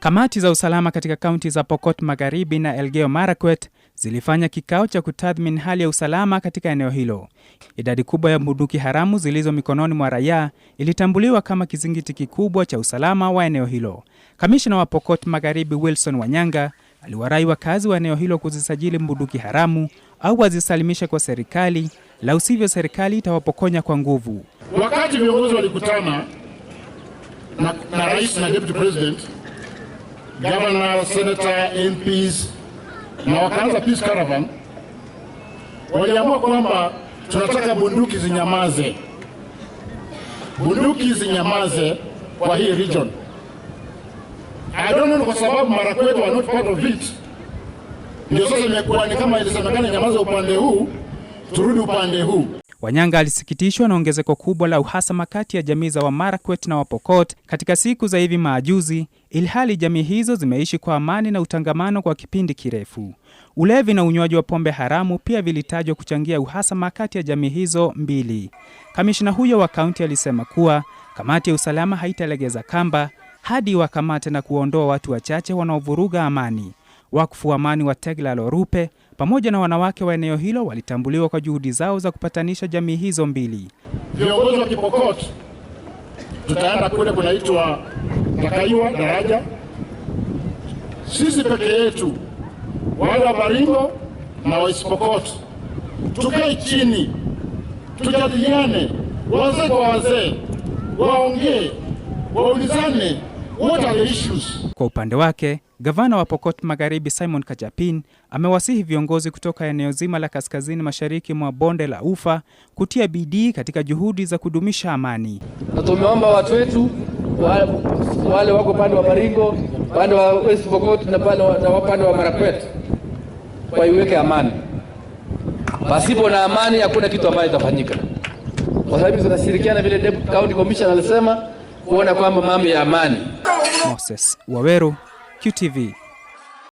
Kamati za usalama katika kaunti za Pokot Magharibi na Elgeyo Marakwet zilifanya kikao cha kutathmini hali ya usalama katika eneo hilo. Idadi kubwa ya bunduki haramu zilizo mikononi mwa raia ilitambuliwa kama kizingiti kikubwa cha usalama wa eneo hilo. Kamishna wa Pokot Magharibi Wilson Wanyanga aliwarai wakazi wa eneo hilo kuzisajili bunduki haramu au wazisalimishe kwa serikali, la usivyo serikali itawapokonya kwa nguvu. Wakati viongozi walikutana na, na rais na deputy president, governor, senator, MPs na wakaanza peace caravan. Waliamua kwamba tunataka bunduki zinyamaze, bunduki zinyamaze kwa hii region. I don't know kwa sababu mara kwetu are not part of it, ndio sasa imekuwa ni kama ilisemekana nyamaza upande huu, turudi upande huu. Wanyanga alisikitishwa na ongezeko kubwa la uhasama kati ya jamii za Wamarakwet na Wapokot katika siku za hivi majuzi, ilhali jamii hizo zimeishi kwa amani na utangamano kwa kipindi kirefu. Ulevi na unywaji wa pombe haramu pia vilitajwa kuchangia uhasama kati ya jamii hizo mbili. Kamishina huyo wa kaunti alisema kuwa kamati ya usalama haitalegeza kamba hadi wakamate na kuondoa watu wachache wanaovuruga amani. Wakfu wa Amani wa Teglalo Rupe pamoja na wanawake wa eneo hilo walitambuliwa kwa juhudi zao za kupatanisha jamii hizo mbili. Viongozi wa Kipokot tutaenda kule kunaitwa Takaiwa daraja, sisi peke yetu, wale wa Baringo na Waisipokot tukae chini, tujadiliane, wazee kwa wazee, waongee, waulizane what are the issues. Kwa upande wake Gavana wa Pokot Magharibi Simon Kajapin amewasihi viongozi kutoka eneo zima la kaskazini mashariki mwa bonde la Ufa kutia bidii katika juhudi za kudumisha amani. Na tumeomba watu wetu wale wako upande wa Baringo, upande wa West Pokot na upande wa Marakwet waiweke amani. Pasipo na amani hakuna kitu ambayo itafanyika, kwa sababu tunashirikiana vile County Commissioner alisema kuona kwamba mambo ya amani. Moses Waweru QTV.